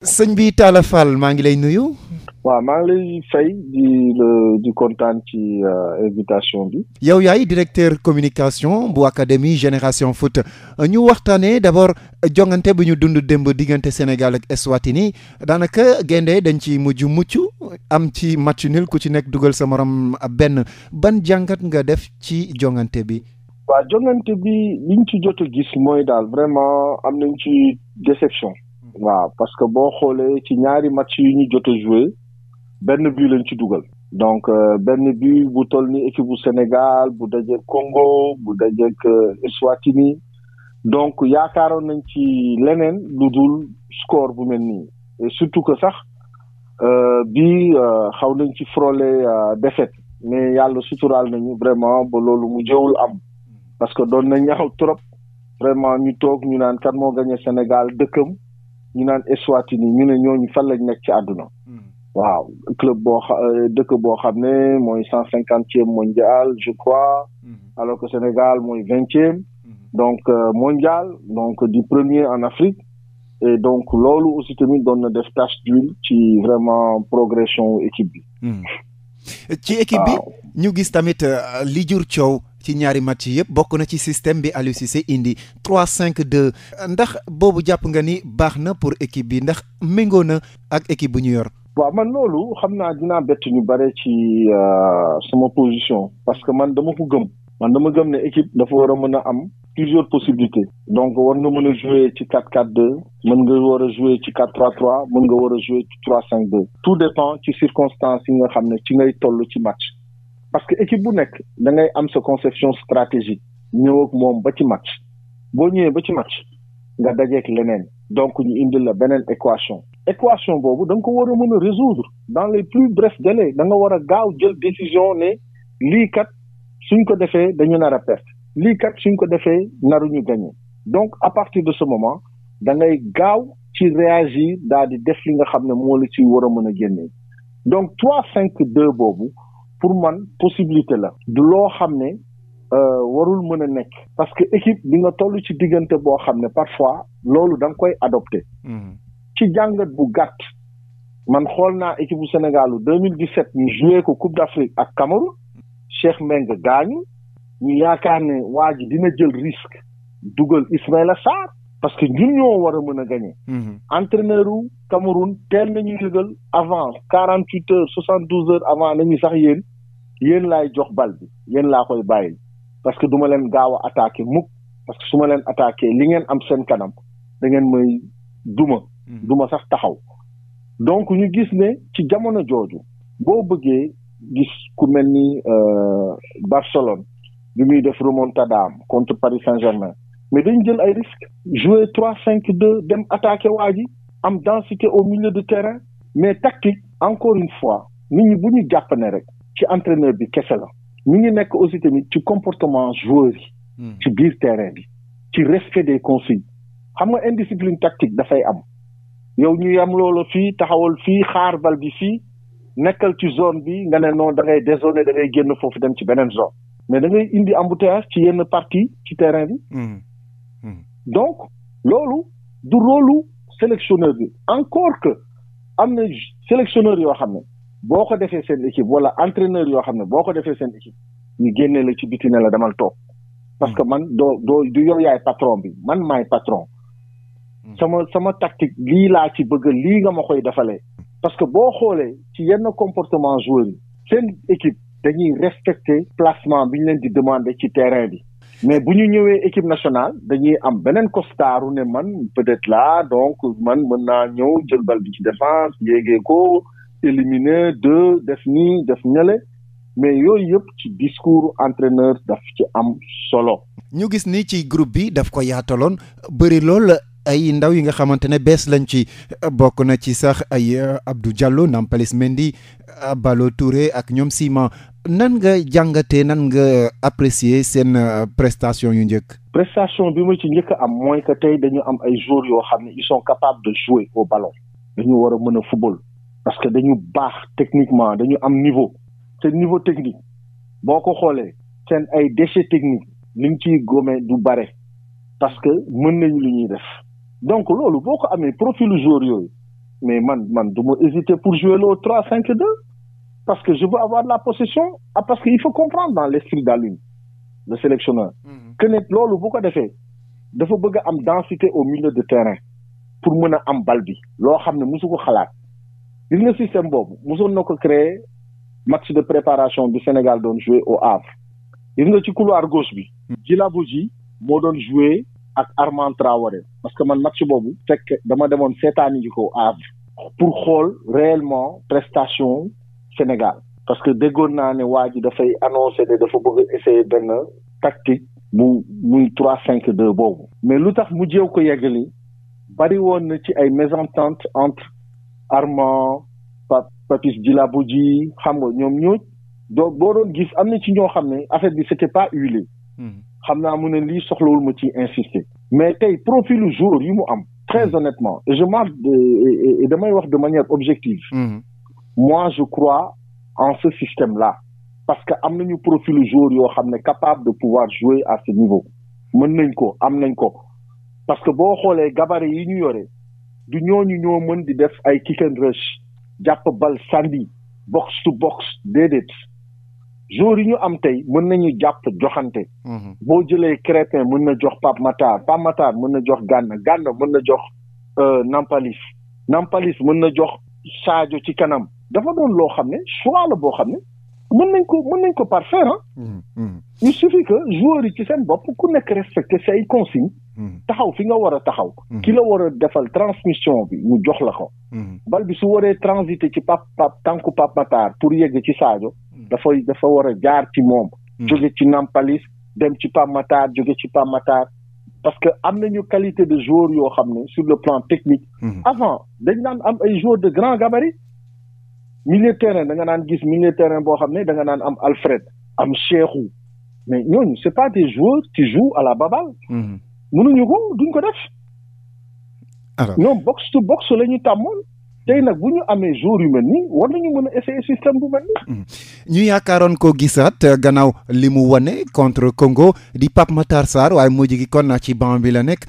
sëñ bi Talla Fall maa ngi lay nuyu. waaw maa ngi lay fay di di kontaan ci euh, invitation bi. yow yaay directeur communication bu académie génération foot ñu waxtaanee d' abord jongante bi ñu dund démb diggante Sénégal ak Eswatini daanaka gaynde dañ ci mujj mucc am ci match nul ku ci nekk dugal sa morom benn ban jàngat nga def ci jongante bi. waaw jongante bi liñ ci jot a gis mooy daal vraiment am nañ ci déception. waaw parce que boo xoolee ci ñaari match yu ñu jot a joué benn but lañ ci dugal. donc euh, benn but bu toll ni équipe bu Sénégal bu dajeeg Congo bu dajeeg euh, Eswatini donc yaakaaroon nañ ci leneen lu dul score bu mel nii surtout que sax euh, bi xaw nañ ci frole frôler défaite mais yàlla suturaal nañu vraiment ba loolu mu jëwul am parce que doon na ñaaw trop vraiment ñu toog ñu naan kan moo gagné Sénégal dëkkam. ñu naan Eswatini ñu ne ñooñu fan lañ nekk ci adduna hmm. waaw club boo xa euh, dëkk boo xam ne mooy cent cinquantième mondial je crois. Hmm. alors que Sénégal mooy vingtième. Hmm. donc euh, mondial donc di premier en Afrique. et donc loolu aussi tamit doon na def tâche d'huile ci vraiment progression équipe bi. ci équipe bi ñu gis tamit euh, li jur ci ñaari match yëpp bokk na ci système bi Aliou indi 3 cinq 2 ndax boobu jàpp nga ni baax na pour équipe bi ndax méngoo na ak équipe bu ñu yor. waa man loolu xam naa dinaa bett ñu bare ci euh, sama position parce que man dama ko gëm man dama gëm ne équipe dafa war a mën a am plusieurs possibilités donc war nga mën a jouer ci 4-4-2 mën nga war a jouer ci 4-3-3 mën nga war a jouer ci 3-5-2 tout ci circonstances yi nga xam ne ci ngay toll ci match. parce que équipe bu nekk dangay am sa conception stratégique ñëw moom ba ci match boo ñëwee ba ci match nga dajeek leneen donc ñu indil la beneen équation équation boobu da nga ko war a mën a résoudre dans les plus brefs délais da nga war a gaaw jël décision ne lii kat suñ ko defee dañu nar a perte lii kat suñ ko defee naru ñu gagné donc à partir de ce moment da ngay gaaw ci réagir daal di def li nga xam ne moo la ci war a mën a génnee donc trois cinq deux boobu pour man possibilité la du loo xam ne euh, warul mën a nekk parce que équipe di nga toll ci diggante boo xam ne parfois loolu da koy adopté mm-hmm. ci jàngat bu gàtt man xool naa équipe bu Sénégal u 2017 ñu joué ko Coupe d'Afrique ak Cameroun Cheikh Mbengue gaañu ñu yaakaar ne waa ji dina jël risque dugal Ismaïla Sarr parce que ñun ñoo war a mën a gagné. Mhm. entraîneur u Cameroun na ñu yëgal avant quarante huit heures soixante douze heures avant nañu sax yéen yéen laay jox bal bi yéen laa koy bàyyi parce que duma leen gaaw a attaqué mukk parce que su ma leen attaqué li ngeen am seen kanam da ngeen may duma. Mhm. duma sax taxaw. donc ñu gis ne ci jamono jooju boo bëggee gis ku mel ni euh, Barcelone bi muy def remontada contre Paris Saint-Germain. mais dañ jël ay risques jouer trois cinq deux dem attaqué waa ji am densité au milieu de terrain mais tactique encore une fois nit ñi bu ñu jàpp rek ci entraîneur bi kese la ñu ngi nekk aussi tamit ci comportement joueur yi hmm. ci biir terrain bi ci respect des consignes xam nga indiscipline tactique dafay am yow ñu yam loolu fii taxawal fii xaar bal bi fii nekkal ci zone bi nga ne non da ngay dézoné da ngay génn foofu dem ci beneen zone mais da ngay indi embouteillage ci yenn partie ci terrain bi hmm. donc loolu du rôlu sélectionneur bi encore que am na sélectionneur yoo xam ne boo ko defee seen équipe wala entraîneur yoo xam ne boo ko defee seen équipe ñu génnee la ci biti ne la demal toog parce que man doo doo du yow yaay patron bi man maay patron hmm. sama sama tactique lii laa ci bëgg lii nga ma koy defalee parce que boo xoolee ci yenn comportement joueurs yi seen équipe dañuy respecter placement bi ñu leen di demander ci terrain bi mais bu ñu ñëwee équipe nationale dañuy am beneen costaaru ne man peut-être la donc man mën naa ñëw jël bal bi ci défense yéegee ko éliminer deux def nii def ñële mais yooyu yëpp ci discours entraîneur daf ci am solo. ñu gis ni ci groupe bi daf ko yaataloon bëri lool ay ndaw yi nga xamante ne bees lañ ci bokk na ci sax ay Abdou Diallo Nampalys Mendy Ballo Touré ak ñoom Sima nan nga jàngatee nan nga apprécier seen prestation yu njëkk. prestation bi ma ci njëkk am mooy que tey dañu am ay joueurs yoo xam ne ils sont capables de jouer au ballon. dañu war a mën a football. parce que dañu baax techniquement dañu am niveau. te niveau technique boo ko xoolee. seen ay déchets techniques. li ñu ciy gome du bare. parce que mën nañ lu ñuy def. donc loolu boo ko amee profilu joueur yooyu mais man man du ma hésiter pour jouer le 3-5-2 parce que je veux avoir de la possession ah parce que il faut comprendre dans l'esprit d'Alioune le sélectionneur mhm. que ne loolu bu ko defee dafa bëgg a am densité au milieu de terrain pour mën a am bal bi loo xam ne mosu ko xalaat gis nga système boobu mosoon na ko créer match de préparation du Sénégal doon jouer au Havre gis nga ci couloir gauche bi mhm. Djilabodji moo doon jouer ak Armand Traoré parce que man match boobu fekk dama demoon seetaani ji ko Havre pour xool réellement prestation Sénégal parce que déggoon naa ne waa ji dafay annoncé ne dafa bëgg a essayer benn tactique bu muy trois cinq deux boobu mais lu tax mu jéew ko yeggali bari woon na ci ay mésentente entre Armand Pape Papis ji xam nga ñoom ñoo doo boo doon gis am na ci ñoo xam ne affaire bi c'était pas huilé hmm. xam naa mu ne lii soxlawul ma ci insister mais tey profilu joueur yi mu am très honnêtement et je marche damay wax de manière objective mmh. moi je crois en ce système là parce que am nañu profilu joueur yoo xam ne capable de pouvoir jouer à ce niveau mën nañ ko am nañ ko parce que boo xoolee gabarit yi ñu yore du ñoo ñu ñoo mën di def ay kick and rush jàpp bal sandi box to box déedéet joueurs yi ñu am tey mën nañu jàpp joxante. Mhm. boo jëlee Crépin mën na jox Pape Matar Pape Matar mën na jox gànna Gana mën na jox euh, Nampalis Nampalis mën na jox Sadio ci kanam dafa doon loo xam ne choix la boo xam ne mën nañ ko mën nañ ko parfaire ah. il suffit que joueurs yi ci seen bopp ku nekk respecté say consignes. taxaw fi nga war a taxaw. ki la war a defal transmission bi mu jox la ko. bal bi su waree transité ci Pape Pape tànku Pape Matar pour yegg ci Sadio. dafay dafa war a jaar ci moom. Hmm. jóge ci Nampalis dem ci Pape jóge ci Pape Matar parce que am nañu qualité de joueur yoo xam ne sur le plan technique. Hmm. avant dañ daan am ay joueurs de grand gabarit. milieu terrain da nga naan gis milieu terrain boo xam ne da nga naan am Alfred am Cheikhou mais ñooñu c'est pas des joueurs qui jouent à la baballe. Hmm. mënuñu ko duñ ko def. alors ñoom box to box la ñu tàmmoon. tey nag bu ñu amee jour yu mel nii war nañu mën a essayer système bu mel nii. Hmm. ñu yaakaaroon ko gisaat euh, gannaaw li mu wane contre Congo di Pape Matar Sarr waaye mujj gi kon ci banc bi la nekk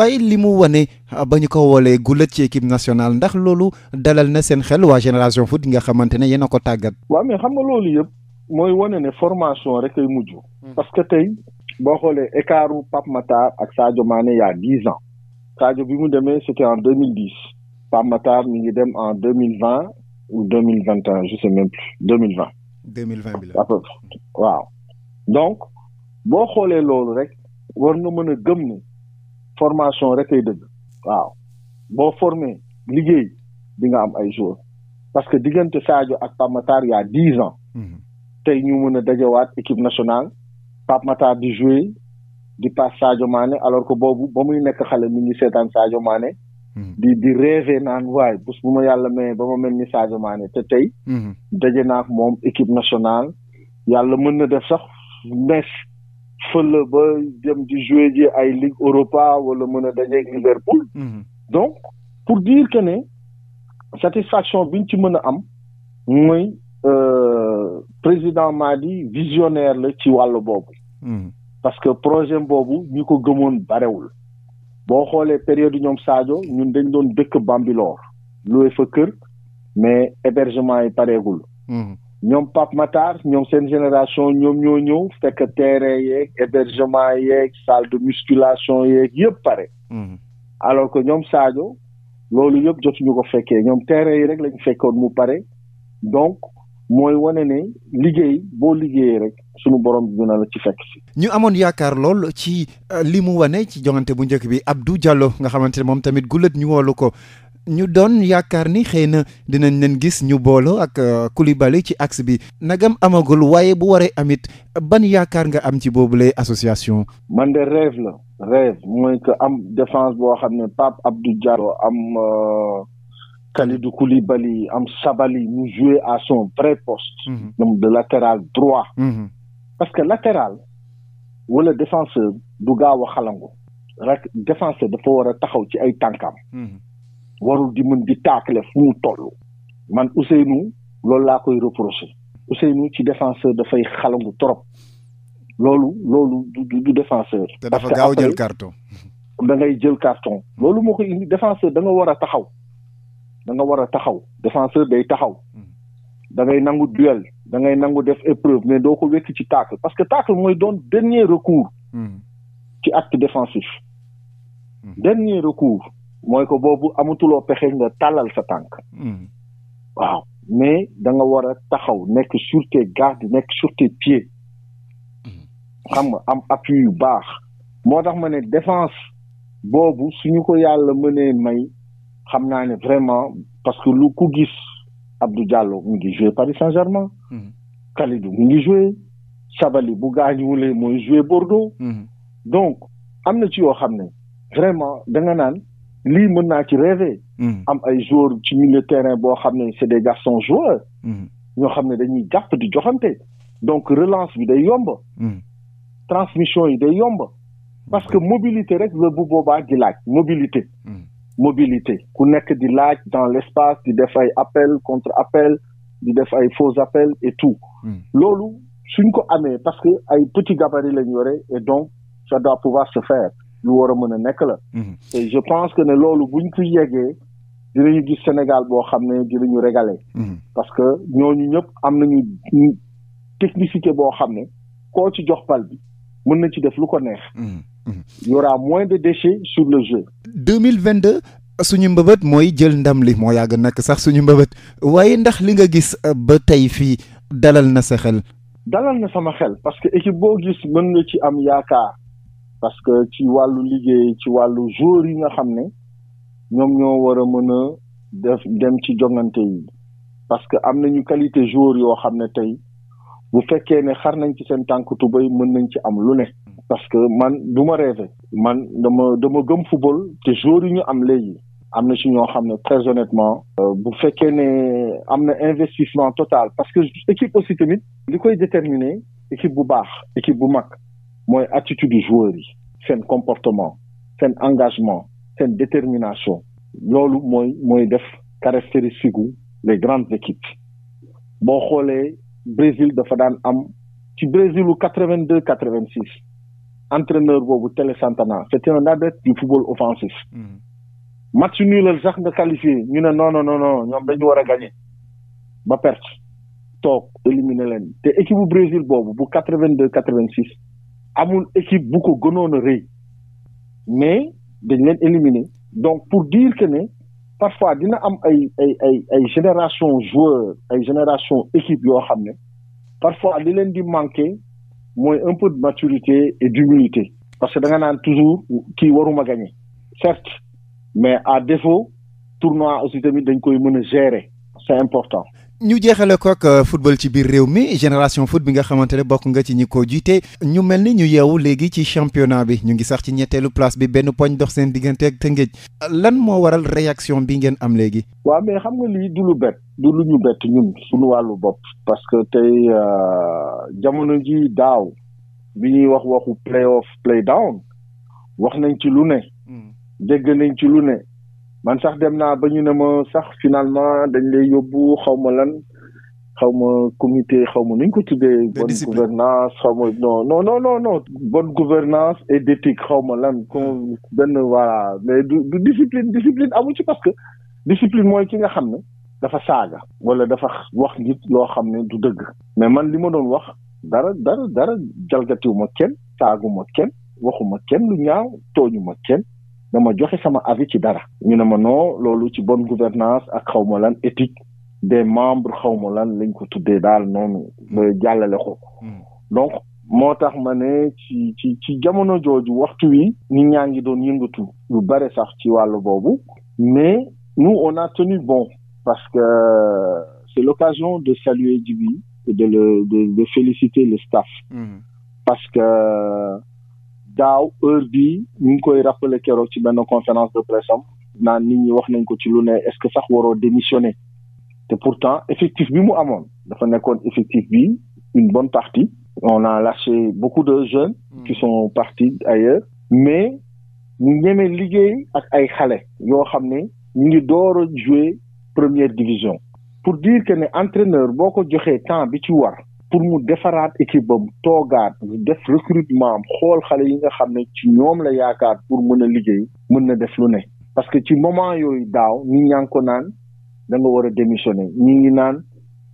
waaye li mu wane euh, ba ñu ko woolee gulat ci équipe nationale ndax loolu dalal na seen xel waa génération foot nga xamante ne yéen a ko tàggat. waaw mais xam nga loolu yëpp mooy wane ne formation rek ay mujj. Hmm. parce que tey boo xoolee écartu Pape Matar ak Sadio Mané y a dix ans Sadio bi mu demee c'était en deux mille dix. Pape Matar mi ngi dem en deux mille vingt ou deux mille vingt et un waaw. donc boo xoolee loolu rek war nga mën a gëm ne formation rek ay dëgg. waaw boo formé liggéey di nga am ay joueurs parce que diggante Sadio ak Pape Matar y a dix ans. Mhm. tey ñu mën a dajawaat équipe nationale Pape Matar di jouer di passe Sadio Mané alors que boobu ba muy nekk xale mi ngi seetaan Sadio Mané. Mhm. di di rêvé naan waaye bés bu ma yàlla mayee ba ma mel ni Sadio te tey. Mhm. daje naa ak moom équipe nationale yàlla mën na def sax mes fële ba dem di jouer ji ay Ligue Europa wala mën a daje ak Liverpool. Mhm. donc pour dire que ne satisfaction biñ ci mën a am mooy euh, président Madi visionnaire la ci wàll boobu. parce que projet boobu ñi ko gëmoon barewul. boo xoolee période ñoom saajo ñun dañ doon dëkk Bambilor loué fa kër mais hébergement yi pareegul hmm. ñoom Pape Matar ñoom seen génération ñoom ñoo ñëw fekk terrain yeeg hébergement yeeg salle de musculation yeeg yëpp pare hmm. alors que ñoom saajo loolu yëpp jotuñu ko fekkee ñoom terrain yi rek lañu fekkoon mu pare donc mooy wane ne liggéey boo liggéeyee rek sunu borom dina la ci fekk si. ñu amoon yaakaar lool ci euh, li mu wane ci joŋante bu njëkk bi Abdou Diallo nga xamante ne moom tamit gulet ñu woolu ko ñu doon yaakaar ni xëy na dinañ leen gis ñu boolo ak euh, Koulibaly ci axe bi nagam amagul waaye bu waree amit ban yaakaar nga am ci boobu boobule association. man de rêve la. rêve mooy que am défense boo xam ne Pape Abdou Diallo am. Euh, Kalidou Koulibaly, Amsabali nous jouer à son vrai poste, mm -hmm. donc de latéral droit. Mm Parce que latéral, wala défenseur du gaaw a xalangu rek défenseur dafa war a taxaw ci ay tànkam. Mhm. warul di mën di taakale fu mu toll. man Ousseynou loolu laa koy reproché Ousseynou ci défenseur dafay xalangu trop loolu loolu du du défenseur. te dafa gaaw jël carton. da ngay jël carton. loolu moo koy indi défenseur da nga war a taxaw. da nga war a taxaw défenseur day taxaw hmm. da ngay nangu duel da ngay nangu def épreuve mais doo ko wekk ci tacle parce que tacle mooy doon dernier recours hmm. ci acte défensif hmm. dernier recours mooy ko boobu amatuloo pexe nga tàllal sa tànk waaw mais da nga war a taxaw nekk sur tes gardes nekk sur tes xam nga am appui yu baax moo tax ma ne défense boobu suñu ko yàlla ne may xam naa ne vraiment parce que lu ku gis Abdou Diallo mu ngi joué Paris Saint-Germain. Mm-hmm. Kalidou mu ngi joué. Sabali bu gaañuwulee mooy joué Bordeaux. Mm-hmm. donc am na ci yoo xam ne vraiment da nga naan lii mën naa ci rêver. Mm-hmm. am ay joueurs ci milieu terrain boo xam ne c'est des garçons joueurs. yoo xam ne dañuy jàpp di joxante. donc relance bi day yomb. transmission yi day yomb. parce que mobilité rek la bu boobaa di laaj mobilité. mobilité ku nekk di laaj dans l'espace di def ay appel contre appel di def ay faux appel et tout hmm. loolu suñ ko amee parce que ay petit gabarit lañ yore et donc ça doit pouvoir se faire lu war a mën a nekk la hmm. et je pense que ne loolu buñ ko yeggee dinañu gis Sénégal boo xam ne dinañu régaler hmm. parce que ñooñu ñëpp am nañu technicité boo xam ne koo ci jox pal bi mën na ci def lu ko neex il y aura moins de déchets sur le jeu deux mille vingt deux suñu mbëbët mooy jël ndam li moo yàgg nekk sax suñu mbëbët waaye ndax li nga gis euh, ba tey fii dalal na sa xel. dalal na sama xel parce que équipe boo gis mën na ci am yaakaar parce que ci wàllu liggéey ci wàllu joueur yi nga xam ne ñoom ñoo war a mën a def dem ci jongante yi parce que am nañu qualité joueur yoo xam ne tey bu fekkee ne xar nañ ci seen tànk tubéy mën nañ ci am lu ne. parce que man du ma rêvé man dama dama gëm football te joueurs ñu am léegi am na ci ñoo xam ne très honnêtement euh, bu fekkee ne am na investissement total parce que équipe aussi tamit li koy déterminer équipe bu baax équipe bu mag mooy attitude joueurs yi seen comportement seen engagement seen détermination loolu mooy mooy def caractéristique gu les grandes équipes boo xoolee Brésil dafa daan am ci Brésilu quatre-vingt-deux quatre-vingt-six entraîneur boobu Télé Santana c'était un adepte du football offensif. Mm-hmm. match nul la sax nga qualifié ñu ne non non non non ñoom dañu war a gagné ba perte toog éliminer leen te équipe bu Brésil boobu bu 82 86 amul équipe bu ko gënoon a rëy mais dañ leen éliminer donc pour dire que ne parfois dina am ay ay ay ay génération joueur ay génération équipe yoo xam ne parfois li leen di manqué. mooy un peu de maturité et d'humilité parce que da nga naan toujours kii waruma gagner certes mais à défaut tournoi aussi tamit dañ koy mën a gérer c'est important ñu jeexale ko ak euh, football ci biir réew mi génération foot bi nga xamante ne bokk nga ci ñi ko jiite ñu mel ni ñu yeewu léegi ci championnat bi ñu ngi sax ci ñetteelu place bi benn poñ dox seen diggante ak Tëngéej lan moo waral réaction bi ngeen am léegi. waaw mais xam nga lii du lu bett du lu ñu bett ñun suñu wàllu bopp. parce que tey euh, jamono ji daaw bi ñuy wax waxu play off play down wax nañ ci lu ne. Hmm. dégg nañ ci lu ne. man sax dem naa ba ñu ne ma sax finalement dañ lay yóbbu xaw ma lan xaw ma comité xaw ma nu ñu ko tuddee. bonne gouvernance xaw ma non non non non non. gouvernance et d'éthique xaw ma lan. comme ah. benn voilà mais du du discipline discipline amu ci parce que discipline mooy ki nga xam ne. dafa saaga wala dafa wax nit loo xam ne du dëgg mais man li ma doon wax dara dara dara jalgatiwu ma kenn saaguma kenn waxuma kenn lu ñaaw tooñu ma kenn dama joxe sama avis ci dara ñu ne ma non loolu ci bonne gouvernance ak xawma lan éthique des membres xawma lan lañ ko tuddee daal noonu hmm. ba jàllale ko hmm. donc moo tax ma ne ci ci ci jamono jooju waxtu wi nit ñaa ngi doon yëngatu lu bare sax ci wàllu boobu mais nous on a tenu bon parce que c'est l'occasion de saluer Djiby de le de, de féliciter le staff mmh. parce que daaw heure bii ñu ngi koy rappelé keroog ci benn conférence de presse am naan nit ñi wax nañ ko ci lu ne est-ce que sax waro démissionner te pourtant effectif bi mu amoon dafa nekkoon effectif bi une bonne partie on a lâché beaucoup de jeunes hmm. qui sont partis ailleurs mais ni ñemee liggéey ak ay xale yoo xam ne ñu ngi door a jouer première division pour dire que ne entraîneur boo ko joxee temps bi ci war pour mu defaraat équipe bam toogaat def recrutement am xool xale yi nga xam ne ci ñoom la yaakaar pour mën a liggéey mën na def lu ne parce que ci moment yooyu daaw ñi ñaa naan da nga war a démissionner ñi ngi naan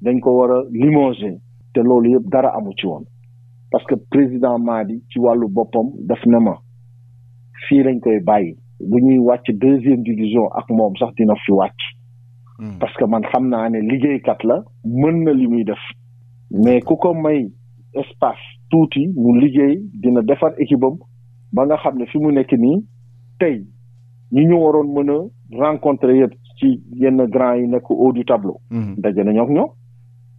dañ ko war a limoger te loolu yëpp dara amu ci woon parce que président Madi ci wàllu boppam daf na ma fii lañ koy bàyyi bu ñuy wàcc deuxième division ak moom sax dina fi wàcc hmm. parce que man xam naa ne liggéeykat la mën na li muy def mais ku ko may espace tuuti mu liggéey dina defar équipe am ba nga xam ne fi mu nekk nii tey ñi ñu waroon mën a rencontrer yëpp ci yenn grand yi nekk haut du tableau. Mhm. daje nañoo ak ñoom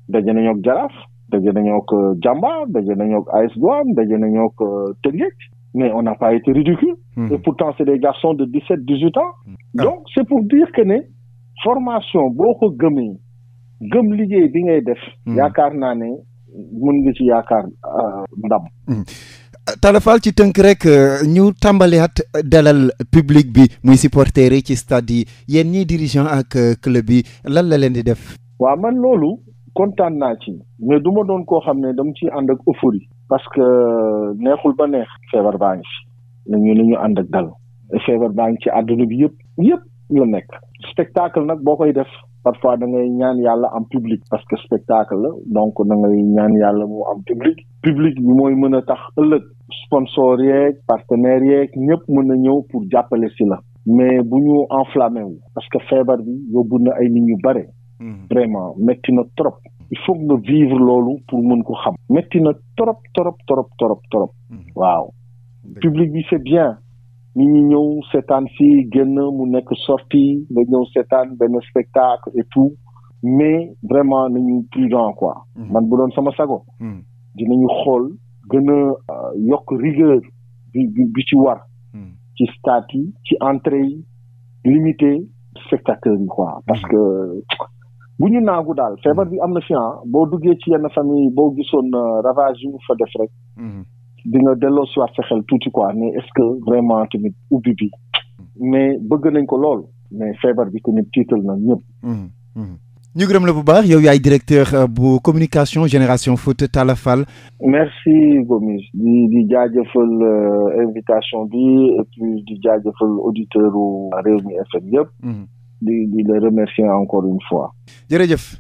daje nañoo ak Jaraaf daje nañoo ak euh, Jàmbaar daje nañoo ak AS Douanes daje nañoo ak Teungueth mais on n'a pas été ridicule. Mhm. et pourtant c'est des garçons de dix sept dix huit ans. Ah. donc c'est pour dire que ne formation boo ko gëmee. gëm liggéey bi ngay def. Hmm. yaakaar naa ne mën nga ci yaakaar uh, ndam. Hmm. Talla ci tënk rek uh, ñu tàmbaliwaat dalal public bi muy supporter yi ci stade yi yéen ñii dirigeant ak uh, club yi lan la leen di def. waa man loolu kontaan naa ci mais du ma doon koo xam ne dam ciy ànd ak euphorie. parce que neexul ba neex. feebar baa ngi ci. nañu nañu ànd ak dal. feebar baa ngi ci àdduna bi yëpp. yëpp la nekk. spectacle nag boo koy def. parfois da ngay ñaan yàlla am public parce que spectacle la donc da ngay ñaan yàlla moo am public public bi mooy mën a tax ëllëg sponsor yeeg partenaires yeeg ñëpp mën a ñëw pour jàppale si la mais bu ñu enflammé wu parce que feebar bi yóbbu na ay nit ñu bare mm-hmm. vraiment métti na trop il faut nga vivre loolu pour mën ko xam métti na trop trop trop trop trop mm-hmm. waaw public bi c'est bien nit ñu ñëw seetaan fii génn mu nekk sorti nga ñëw seetaan benn spectacle et tout mais vraiment nañu prudent quoi. Hmm. man bu doon sama sago. Hmm. dinañu xool gën a euh, yokk rigueur bi bi ci war. Hmm. ci stade ci entrée yi limité spectateurs yi quoi parce que. bu ñu naagu daal feebar bi am na fi ah. boo duggee ci yenn famille boo gisoon euh, ravage yu fa def rek. di nga delloo si waat xel tuuti ko mais est-ce que vraiment tamit ubbi bi mais bëgg nañ ko lool mais feebar bi tamit tiital na ñëpp. Mhm, mhm. ñu gërëm la bu baax yow yaay directeur euh, bu communication génération foot Talla Fall. merci Gomis di di jaajëfal euh, invitation bi et puis di jaajëfal auditeurs u Rewmi FM yëpp. Mhm. di di la remercier encore une fois. jërëjëf.